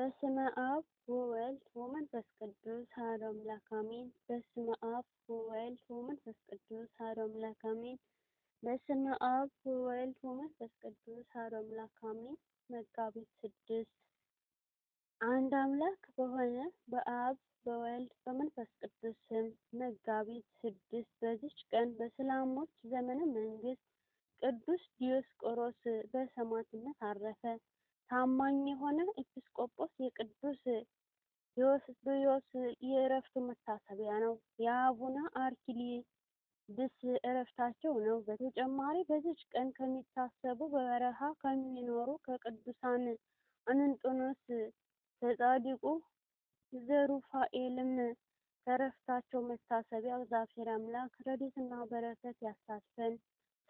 በስመ አብ ወወልድ ወመንፈስ ቅዱስ አሐዱ አምላክ አሜን። በስመ አብ ወወልድ ወመንፈስ ቅዱስ አሐዱ አምላክ አሜን። በስመ አብ ወወልድ ወመንፈስ ቅዱስ አሐዱ አምላክ አሜን። መጋቢት ስድስት አንድ አምላክ በሆነ በአብ በወልድ በመንፈስ ቅዱስ ስም መጋቢት ስድስት በዚች ቀን በእስላሞች ዘመነ በዚች ቀን ከሚታሰቡ በበረሃ ከሚኖሩ ከቅዱሳን አንጦንስ ከጻድቁ ዘሩፋኤልም ከዕረፍታቸው መታሰቢያ እግዚአብሔር አምላክ ረድኤትና በረከት ያሳትፈን።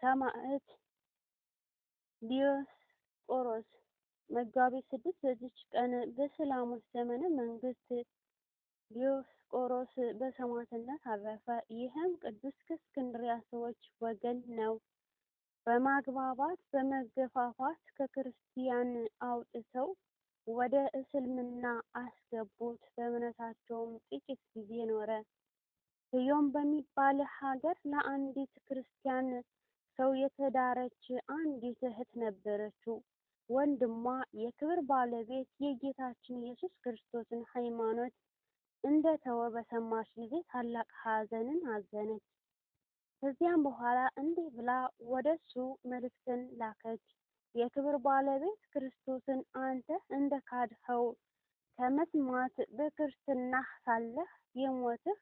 ሰማዕት ዲዮስቆሮስ መጋቢ ስድስት በዚች ቀን በሰላሞስ ዘመነ መንግስት ዲዮስቆሮስ በሰማዕትነት አረፈ። ይህም ቅዱስ ከእስክንድርያ ሰዎች ወገን ነው። በማግባባት በመገፋፋት ከክርስቲያን አውጥተው ወደ እስልምና አስገቡት። በእምነታቸውም ጥቂት ጊዜ ኖረ። ስዮም በሚባል ሀገር ለአንዲት ክርስቲያን ሰው የተዳረች አንዲት እህት ነበረችው። ወንድሟ የክብር ባለቤት የጌታችን ኢየሱስ ክርስቶስን ሃይማኖት እንደተወ በሰማች ጊዜ ታላቅ ሐዘንን አዘነች። ከዚያም በኋላ እንዲህ ብላ ወደ እሱ መልእክትን ላከች። የክብር ባለቤት ክርስቶስን አንተ እንደ ካድኸው ከመስማት በክርስትና ሳለህ የሞትህ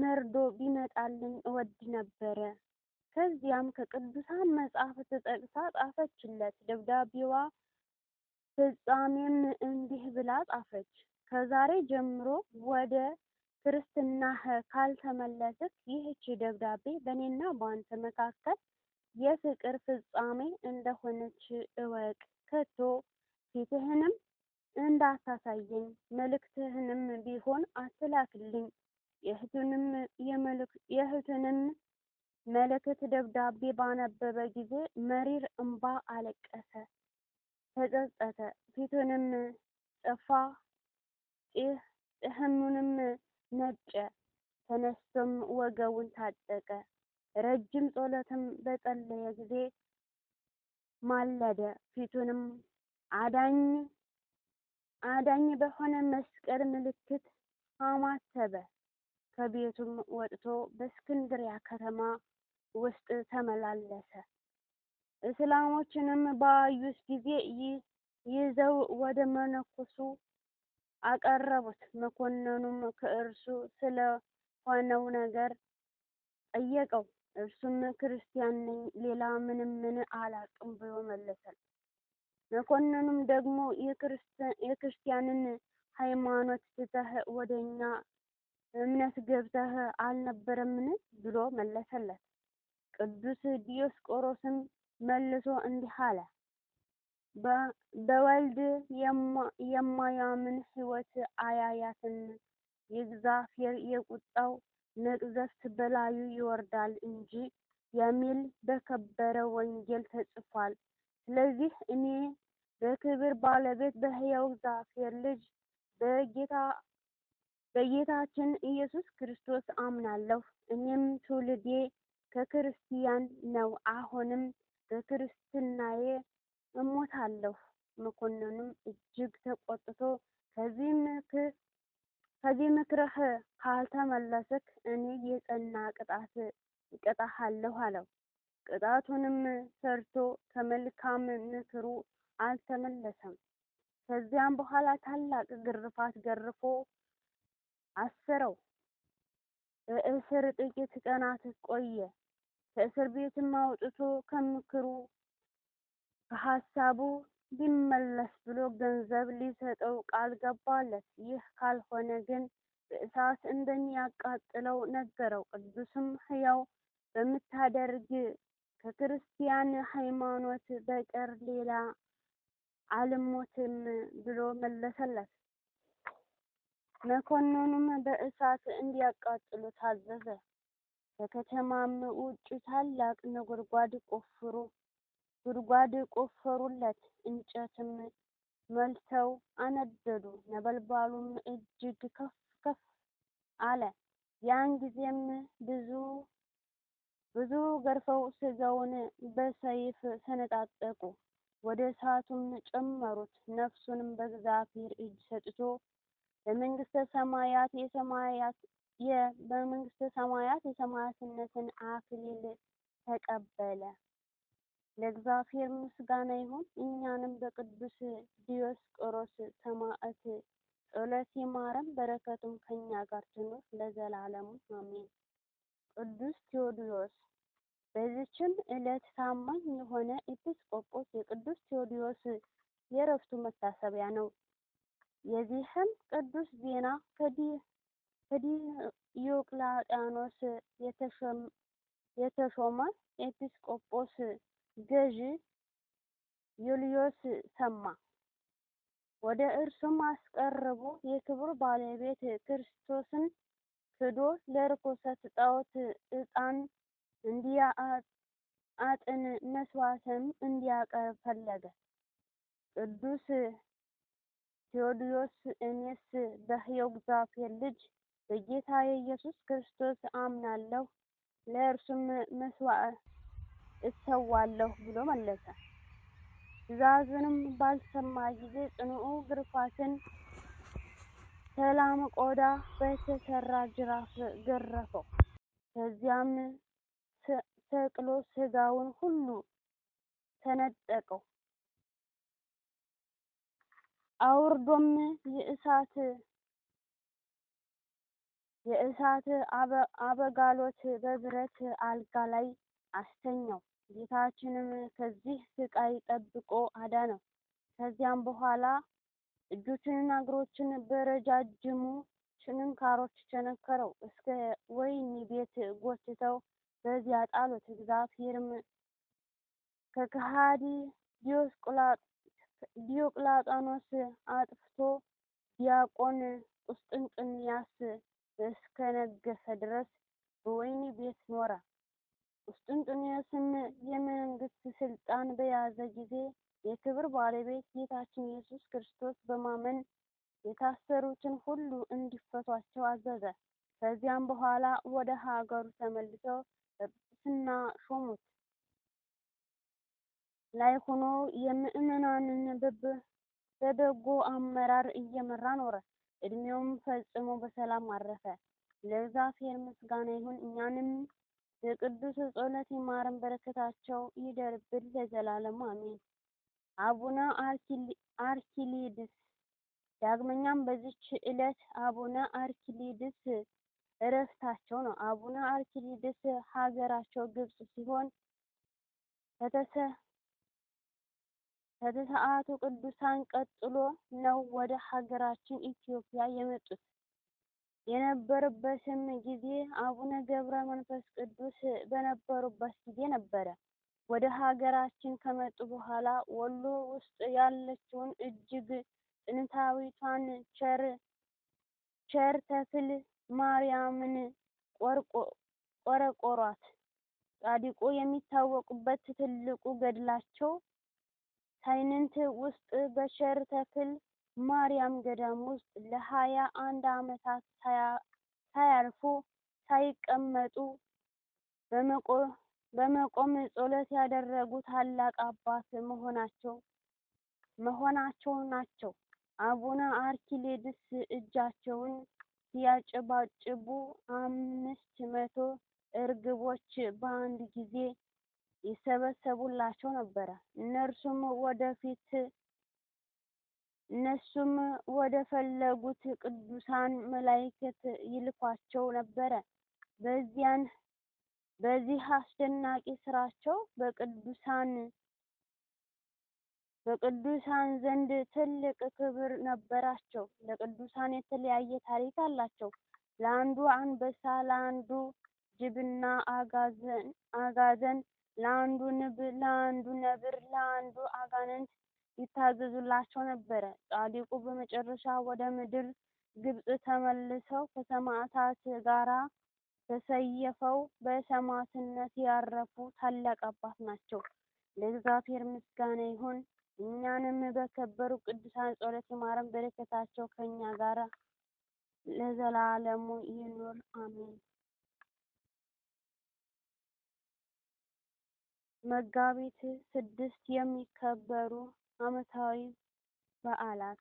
መርዶ ቢመጣልኝ እወድ ነበረ። ከዚያም ከቅዱሳን መጽሐፍ ተጠቅሳ ጻፈችለት። ደብዳቤዋ ፍጻሜም እንዲህ ብላ ጻፈች፦ ከዛሬ ጀምሮ ወደ ክርስትናህ ካልተመለስክ ይህች ደብዳቤ በእኔና በአንተ መካከል የፍቅር ፍጻሜ እንደሆነች እወቅ። ከቶ ፊትህንም እንዳታሳየኝ መልእክትህንም ቢሆን አትላክልኝ። የእህቱንም መልእክት ደብዳቤ ባነበበ ጊዜ መሪር እምባ አለቀሰ፣ ተጸጸተ። ፊቱንም ጠፋ፣ ጢህሙንም ነጨ። ተነስቶም ወገቡን ታጠቀ። ረጅም ጸሎትም በጸለየ ጊዜ ማለደ። ፊቱንም አዳኝ አዳኝ በሆነ መስቀል ምልክት አማተበ። ከቤቱም ወጥቶ በእስክንድሪያ ከተማ ውስጥ ተመላለሰ። እስላሞችንም ባዩስ ጊዜ ይዘው ወደ መነኮሱ አቀረቡት። መኮንኑም ከእርሱ ስለ ሆነው ነገር ጠየቀው። እርሱም ክርስቲያን ነኝ፣ ሌላ ምንም ምን አላውቅም ብሎ መለሰል። መኮንኑም ደግሞ የክርስቲያንን ሃይማኖት ትተህ ወደ እኛ እምነት ገብተህ አልነበረምን? ብሎ መለሰለት። ቅዱስ ዲዮስቆሮስም መልሶ እንዲህ አለ በወልድ የማያምን ሕይወት አያያትን የእግዚአብሔር የቁጣው መቅዘፍት በላዩ ይወርዳል እንጂ የሚል በከበረ ወንጌል ተጽፏል። ስለዚህ እኔ በክብር ባለቤት በሕያው እግዚአብሔር ልጅ በጌታ በጌታችን ኢየሱስ ክርስቶስ አምናለሁ። እኔም ትውልዴ ከክርስቲያን ነው። አሁንም በክርስትናዬ እሞታለሁ። መኮንኑም እጅግ ተቆጥቶ ከዚህ ምክርህ ካልተመለስክ እኔ የጸና ቅጣት እቀጣሃለሁ አለው። ቅጣቱንም ሰርቶ ከመልካም ምክሩ አልተመለሰም። ከዚያም በኋላ ታላቅ ግርፋት ገርፎ አሰረው። በእስር ጥቂት ቀናት ቆየ። ከእስር ቤትም አውጥቶ ከምክሩ በሀሳቡ ሊመለስ ብሎ ገንዘብ ሊሰጠው ቃል ገባለት። ይህ ካልሆነ ግን በእሳት እንደሚያቃጥለው ነገረው። ቅዱስም ሕያው በምታደርግ ከክርስቲያን ሃይማኖት በቀር ሌላ አልሞትም ብሎ መለሰለት። መኮንኑም በእሳት እንዲያቃጥሉ ታዘዘ። ከከተማም ውጭ ታላቅ ነጎድጓድ ቆፍሩ ጉድጓድ ቆፈሩለት፣ እንጨትም መልተው አነደዱ። ነበልባሉም እጅግ ከፍ ከፍ አለ። ያን ጊዜም ብዙ ብዙ ገርፈው ስጋውን በሰይፍ ሰነጣጠቁ፣ ወደ እሳቱም ጨመሩት። ነፍሱንም በእግዚአብሔር እጅ ሰጥቶ በመንግስተ ሰማያት የሰማያት በመንግስተ ሰማያት የሰማያትነትን አክሊል ተቀበለ። ለእግዚአብሔር ምስጋና ይሁን። እኛንም በቅዱስ ዲዮስቆሮስ ሰማዕት ጸሎት ይማረን፣ በረከቱም ከእኛ ጋር ትኑር ለዘላለሙ አሜን። ቅዱስ ቴዎድሮስ በዚችም ዕለት ታማኝ የሆነ ኤጲስቆጶስ የቅዱስ ቴዎድሮስ የእረፍቱ መታሰቢያ ነው። የዚህም ቅዱስ ዜና ከዲዮቅላጥያኖስ የተሾመ ኤጲስቆጶስ ገዢ ዩልዮስ ሰማ። ወደ እርሱም አስቀርቦ የክብሩ ባለቤት ክርስቶስን ክዶ ለርኩሰት ጣዖት ዕጣን እንዲያጥን መስዋዕትም እንዲያቀርብ ፈለገ። ቅዱስ ቴዎድዮስ እኔስ በሕያው እግዚአብሔር ልጅ በጌታ የኢየሱስ ክርስቶስ አምናለሁ፣ ለእርሱም እሰዋለሁ ብሎ መለሰ። ትእዛዙንም ባልሰማ ጊዜ ጽኑዑ ግርፋትን ሰላም ቆዳ በተሰራ ጅራፍ ገረፈው። ከዚያም ሰቅሎ ስጋውን ሁሉ ተነጠቀው። አውርዶም የእሳት የእሳት አበጋሎት በብረት አልጋ ላይ አስተኛው። ጌታችንም ከዚህ ስቃይ ጠብቆ አዳነው። ከዚያም በኋላ እጆችንና እግሮችን በረጃጅሙ ችንካሮች ቸነከረው፣ እስከ ወይኒ ቤት ጎትተው በዚያ ጣሉት። እግዚአብሔርም ከከሃዲ ዲዮቅላጣኖስ አጥፍቶ ዲያቆን ቁስጥንጥንያስ እስከነገሰ ድረስ በወይኒ ቤት ኖራ። ቁስጥንጥንዮስ የመንግስት ስልጣን በያዘ ጊዜ የክብር ባለቤት ጌታችን ኢየሱስ ክርስቶስ በማመን የታሰሩትን ሁሉ እንዲፈቷቸው አዘዘ። ከዚያም በኋላ ወደ ሀገሩ ተመልሶ በጵጵስና ሾሙት። ላይ ሆኖ የምዕመናንን በበጎ አመራር እየመራ ኖረ። እድሜውም ፈጽሞ በሰላም አረፈ። ለእግዚአብሔር ምስጋና ይሁን እኛንም የቅዱስ ጸሎት ይማረን፣ በረከታቸው ይደርብን ለዘላለም አሜን። አቡነ አርኪሊድስ። ዳግመኛም በዚች ዕለት አቡነ አርኪሊድስ እረፍታቸው ነው። አቡነ አርኪሊድስ ሀገራቸው ግብጽ ሲሆን ከተሰዓቱ ቅዱሳን ቀጥሎ ነው ወደ ሀገራችን ኢትዮጵያ የመጡት። የነበረበትም ጊዜ አቡነ ገብረ መንፈስ ቅዱስ በነበሩበት ጊዜ ነበረ። ወደ ሀገራችን ከመጡ በኋላ ወሎ ውስጥ ያለችውን እጅግ ጥንታዊቷን ቸር ቸር ተክል ማርያምን ቆረቆሯት። ጻድቁ የሚታወቁበት ትልቁ ገድላቸው ሳይንት ውስጥ በቸር ተክል ማርያም ገዳም ውስጥ ለሀያ አንድ ዓመታት ሳያርፉ ሳይቀመጡ በመቆም ጸሎት ያደረጉ ታላቅ አባት መሆናቸው መሆናቸው ናቸው። አቡነ አርኪሌድስ እጃቸውን ሲያጨባጭቡ አምስት መቶ እርግቦች በአንድ ጊዜ ይሰበሰቡላቸው ነበረ። እነርሱም ወደፊት እነሱም ወደ ፈለጉት ቅዱሳን መላእክት ይልኳቸው ነበረ። በዚያን በዚህ አስደናቂ ስራቸው በቅዱሳን በቅዱሳን ዘንድ ትልቅ ክብር ነበራቸው። ለቅዱሳን የተለያየ ታሪክ አላቸው። ለአንዱ አንበሳ፣ ለአንዱ ጅብና አጋዘን አጋዘን፣ ለአንዱ ንብ፣ ለአንዱ ነብር፣ ለአንዱ አጋንንት ይታዘዙላቸው ነበረ። ጻድቁ በመጨረሻ ወደ ምድር ግብጽ ተመልሰው ከሰማዕታት ጋራ ተሰይፈው በሰማዕትነት ያረፉ ታላቅ አባት ናቸው። ለእግዚአብሔር ምስጋና ይሁን። እኛንም በከበሩ ቅዱሳን ጸሎት ይማረን። በረከታቸው ከእኛ ጋር ለዘላለሙ ይኑር፣ አሜን። መጋቢት ስድስት የሚከበሩ ዓመታዊ በዓላት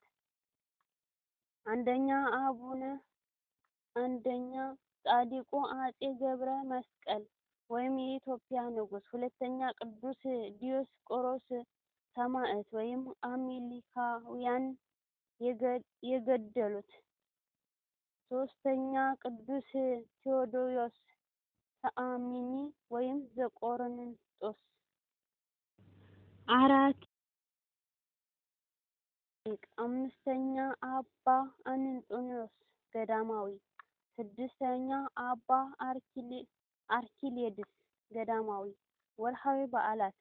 አንደኛ አቡነ አንደኛ ጻድቁ አጼ ገብረ መስቀል ወይም የኢትዮጵያ ንጉስ። ሁለተኛ ቅዱስ ዲዮስቆሮስ ሰማዕት ወይም አሜሪካውያን የገደሉት፣ ሶስተኛ ቅዱስ ቴዎዶዮስ ተአሚኒ ወይም ዘቆርንጦስ፣ አራት ስድስተኛ አባ አኖንጦኖስ ገዳማዊ ስድስተኛ አባ አርኪሌድስ ገዳማዊ ወርሃዊ በዓላት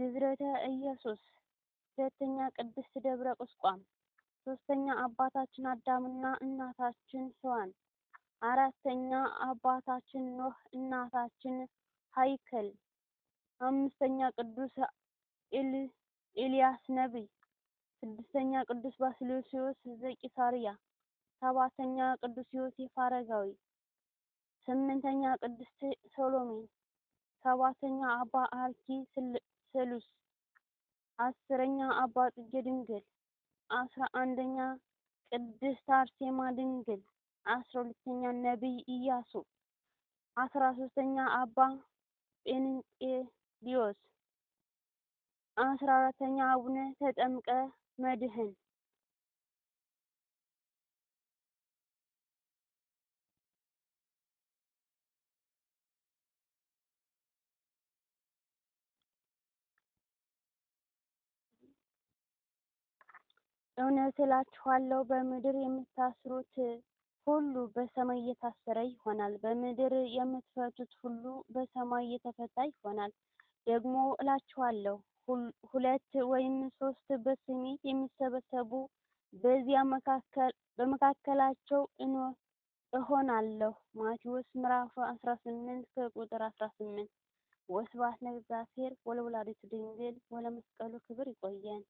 ግዝረተ ኢየሱስ፣ ሁለተኛ ቅድስት ደብረ ቁስቋም፣ ሶስተኛ አባታችን አዳምና እናታችን ሔዋን፣ አራተኛ አባታችን ኖህ እናታችን ሃይከል፣ አምስተኛ ቅዱስ ኤል ኤልያስ ነቢይ፣ ስድስተኛ ቅዱስ ባስልዮስ ዘቂሳርያ፣ ሰባተኛ ቅዱስ ዮሴፍ አረጋዊ፣ ስምንተኛ ቅድስት ሰሎሜ፣ ሰባተኛ አባ አርኪ ሰሉስ፣ አስረኛ አባ ጽጌ ድንግል፣ አስራ አንደኛ ቅድስት አርሴማ ድንግል፣ አስራ ሁለተኛ ነቢይ ኢያሱ፣ አስራ ሶስተኛ አባ ጴንጤ ጴንጤሊዮስ አስራ አራተኛ አቡነ ተጠምቀ መድህን እውነት እላችኋለሁ በምድር የምታስሩት ሁሉ በሰማይ እየታሰረ ይሆናል፣ በምድር የምትፈቱት ሁሉ በሰማይ እየተፈታ ይሆናል። ደግሞ እላችኋለሁ ሁለት ወይም ሶስት በስሜት የሚሰበሰቡ በዚያ በመካከላቸው እሆናለሁ። ማቴዎስ ምዕራፍ 18 ከቁጥር 18። ወስብሐት ለእግዚአብሔር ወለወላዲቱ ድንግል ወለመስቀሉ ክብር ይቆየን።